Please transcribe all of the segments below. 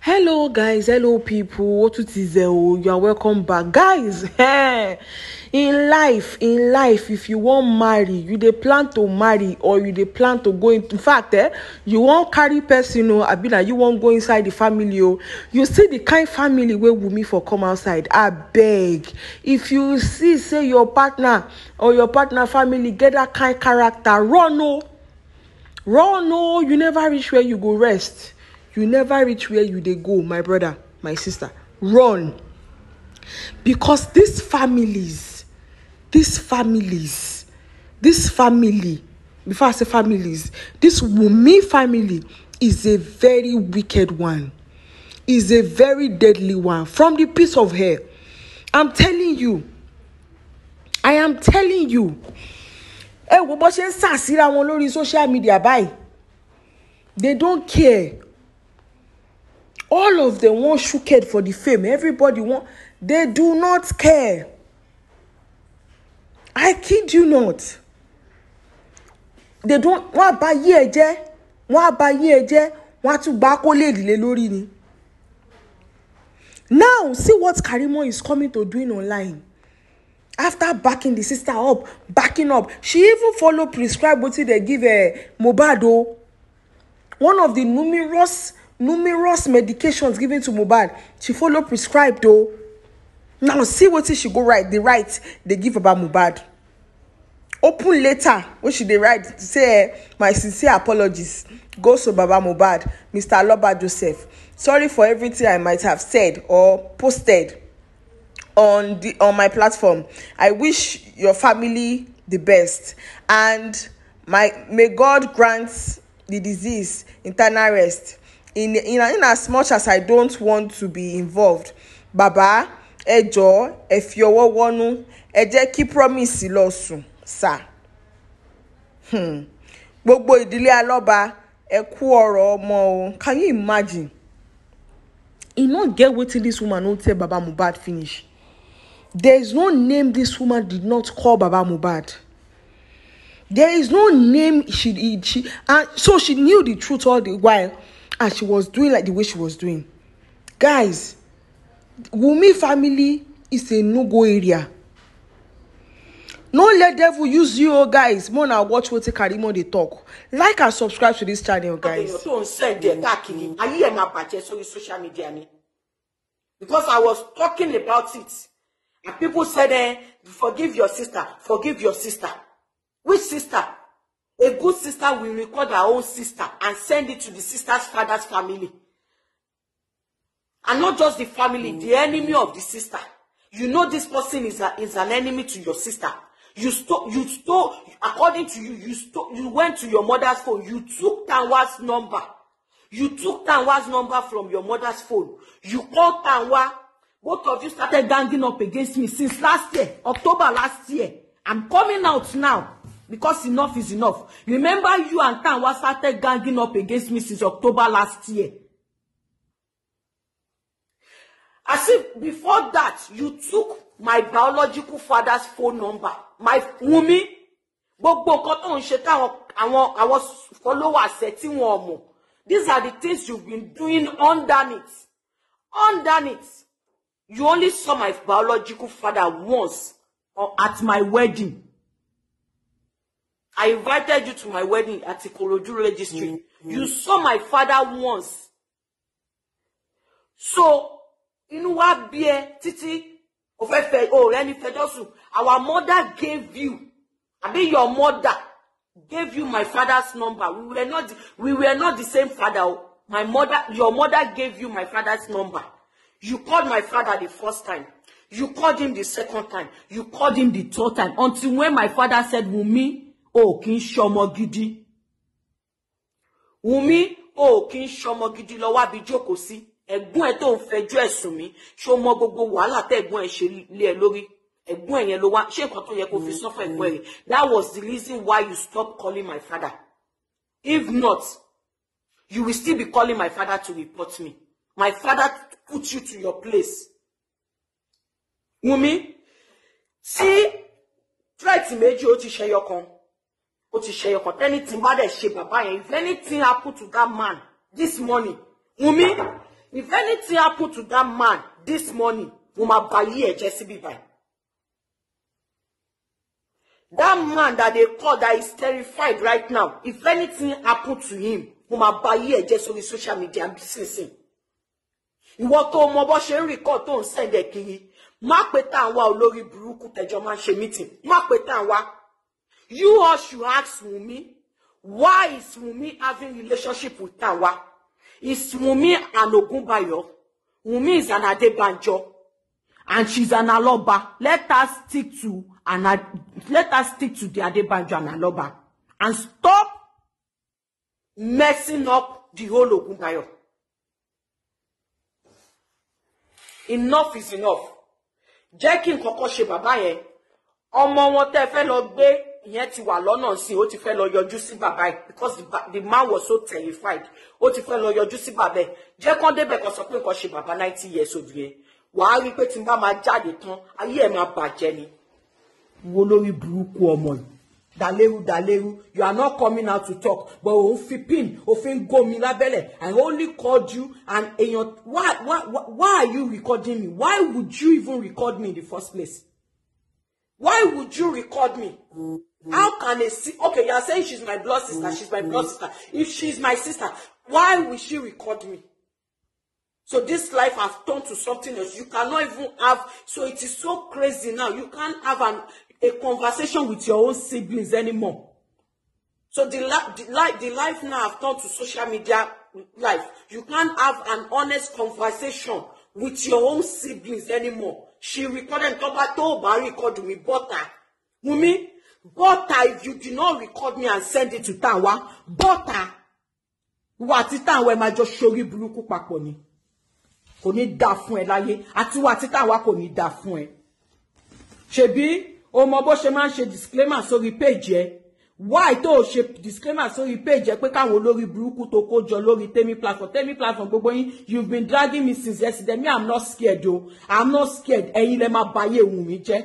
hello guys hello people What otuti o oh, you are welcome back guys hey, in life in life if you want marry you dey plan to marry or you dey plan to go in, in fact eh, you won't carry personal. o oh, abi na you won't go inside the family Oh, you see the kind family where wey wunmi for come outside I beg, if you see say your partner or your partner family get that kind character run oh, run oh. you never reach where you go rest. you never reach where you they go my brother my sister run because these families these families this family before i say families this wumi family is a very wicked one is a very deadly one from the piece of hair i'm telling you i am telling you ẹ wo bó social media báyìí they don't care all of them wan shooked for the fame everybody wan They do not care i kid you not they don wọn àbáyé ẹ jẹ wọn àbáyé ẹ jẹ wọn á tún gba kólé ìdílé lórí ni now see what Karimo is coming to doing online after backing the sister up backing up she even follow prescribe wetin dey give uh, Mohbad o one of the numerous numerous medications given to mohbad she follow prescribed o now see wetin she go write the write they give about mohbad open letter wey she dey write say eh my sincere apologies go to baba mohbad mr aloba joseph sorry for everything i might have said or posted on the on my platform i wish your family the best and my may god grant the disease internal rest in in in as much as i don't want to be involved Baba, ẹ jọ̀ọ́ ẹ fi ọwọ́ wọ́nú ẹ jẹ́ kí promise lọ sùn Hmm. gbogbo ìdílé alọ́ba ẹ kú ọ̀rọ̀ ọmọ o can you imagine e no get wetin dis woman no tell baba mohbad finish there is no name dis woman did not call baba mohbad there is no name she she and so she knew the truth all the while and she was doing like the way she was doing guys wunmi family is a no go area no let devil use you oh guys more na watch wetin karimo dey talk like and subscribe to this channel guys. àwọn èèyàn tó ń sẹ́ẹ̀dì ẹ̀ káàkiri ayé ẹ̀ máa bàjẹ́ sórí social media ni because i was talking about it and people said eh, forgive your sister forgive your sister which sister A good sister will record her own sister and send it to the sister's father's family. And not just the family, mm. the enemy of the sister. You know this person is, a, is an enemy to your sister. You stole, you stole, according to you, you stole, you went to your mother's phone. You took Tanwa's number. You took Tanwa's number from your mother's phone. You called Tanwa. Both of you started ganging up against me since last year, October last year. I'm coming out now because enough is enough. Remember you and Tanwa started ganging up against me since October last year. As if before that, you took my biological father's phone number. My umi, gbogbo nǹkan tó ń ṣe táwọn àwọn àwọn followers ẹ̀ tí wọ́n These are the things you've been doing underneath. Underneath. You only saw my biological father once or uh, at my wedding. I invited you to my wedding at the Ikorodu registry. Mm-hmm. You saw my father once. So, inú wa bí ẹ títí o fẹ́ fẹ́ o Our mother gave you, I mean, your mother gave you my father's number. We were not we were not the same father. My mother, your mother gave you my father's number. You called my father the first time. You called him the second time. You called him the third time. Until when my father said, Wunmi, o kì í ṣọmọ gidi Wùmí o kì í ṣọmọ gidi lọ wábi jókòó sí ẹ̀gbọ́n ẹ tó ń fẹjọ́ ẹ̀sùn mi ṣó mọ gbogbo wàhálà tẹ̀gbọ́n ẹ ṣe lé ẹ lórí ẹ̀gbọ́n ẹ yẹn ló wá ṣé nǹkan tó yẹ kó fi sọ fún ẹ̀gbọ́n ẹ that was the reason why you stop calling my father if not you will still be calling my father to report me my father put you to your place Wùmí tí threat méjì ó ti ṣẹyọ kan ó ti ṣe ọkàn tẹ́ni bá dẹ̀ ṣe bàbá yẹn if anything happen to that man this morning Wunmi if anything happen to that man this morning mo máa ba yí ẹ̀jẹ̀ síbí báyìí. That man that they call that is terrified right now, if anything happen to him, mo máa ba yí ẹ̀jẹ̀ sórí social media and business him. Ìwọ tó mọ bó ṣe ń record tó ń send ẹ̀ kiri, má pe tá à ń wá olórí burúkú tẹjọ́ máa ń ṣe meeting, má pe tá you all should ask Wunmi, why is Wunmi having relationship with Tawa? Is Wunmi an Ogunbayo? Wunmi is an Adebanjo. And she's an Aloba. Let us stick to an let us stick to the Adebanjo and Aloba. And stop messing up the whole Ogunbayo. Enough is enough. Jẹ́ kí n kọ́kọ́ ṣe bàbá fe Ọmọ wọn ìyẹn ti wà lọ́nà sí i ó ti fẹ́ lọ yọjú sí bàbá ẹ̀ because the, man was so terrified ó ti fẹ́ lọ yọjú sí bàbá ẹ̀ jẹ́ kán débẹ̀ kan sọ pé nǹkan ṣe bàbá ninety years old yẹn wàá rí i pé tí n bá máa jáde tán ayé ẹ̀ máa bàjẹ́ ni. wo lórí burúkú ọmọ yìí dàlérú dàlérú you are not coming out to talk but òun fi pin òfin gómi lábẹ́lẹ̀ I only called you and èèyàn why why why are you recording me why would you even record me in the first place. Why would you record me? How can a si okay, you are saying she's my blood sister, she's my blood sister. If she's my sister, why will she record me? So this life has turned to something else. You cannot even have, so it is so crazy now. You can't have an, a conversation with your own siblings anymore. So the, li the, the life now has turned to social media life. You can't have an honest conversation with your own siblings anymore she recorded tó bá tó bá record me, butter, Wumi butter. if you do not record me and send it to Tawa, butter. wà tí Tanwa ẹ máa jọ ṣorí burúkú papọ̀ ni kò ní dá fún ẹ láyé àti wà tí Tanwa kò ní dá fún ẹ ṣebí o mọ bó ṣe máa ń ṣe disclaimer sórí péjì ẹ why tó o ṣe disclaimer sórí page ẹ pé káwọn olórí burúkú tó kó jọ lórí temi platform temi platform gbogbo yín you've been dragging me since yesterday me i'm not scared o i'm not scared ẹ̀yin lẹ máa bayé ohun mi jẹ́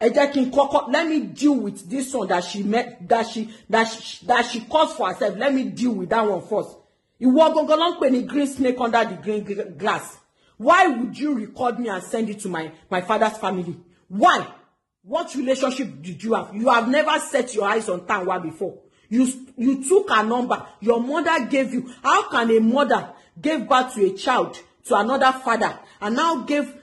ẹ jẹ́ kí n kọ́kọ́ let me deal with this one that she met that she that she that she caused for herself let me deal with that one first ìwọ gangan ló ń pè ní green snake under the green grass why would you record me and send it to my my father's family why. What relationship did you have? You have never set your eyes on Tanwa before. You, you took a number. Your mother gave you. How can a mother give birth to a child, to another father, and now give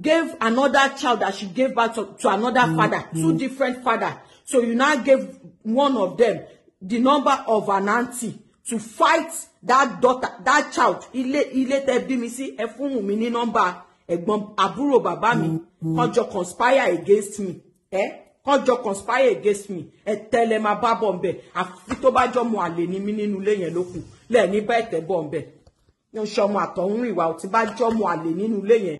gave another child that she gave birth to, to another mm, father, two different father. So you now gave one of them the number of an auntie to fight that daughter, that child. Ilé ilé tẹ́ bí mi sí ẹ fún mi ní number ẹ̀gbọ́n àbúrò bàbá mi kàn conspire against me ẹ kàn jọ conspire against me ẹ tẹ́lẹ̀ máa bá bọ̀ nbẹ̀ àfi tó bá jọ mọ àlè ní mí nínú ilé yẹn lókun lẹ́ẹ̀ ní bá ẹ̀tẹ̀ bọ̀ nbẹ̀ ń ṣọmọ àtọ̀hún ìwà ò ti bá jọ mọ àlè nínú ilé yẹn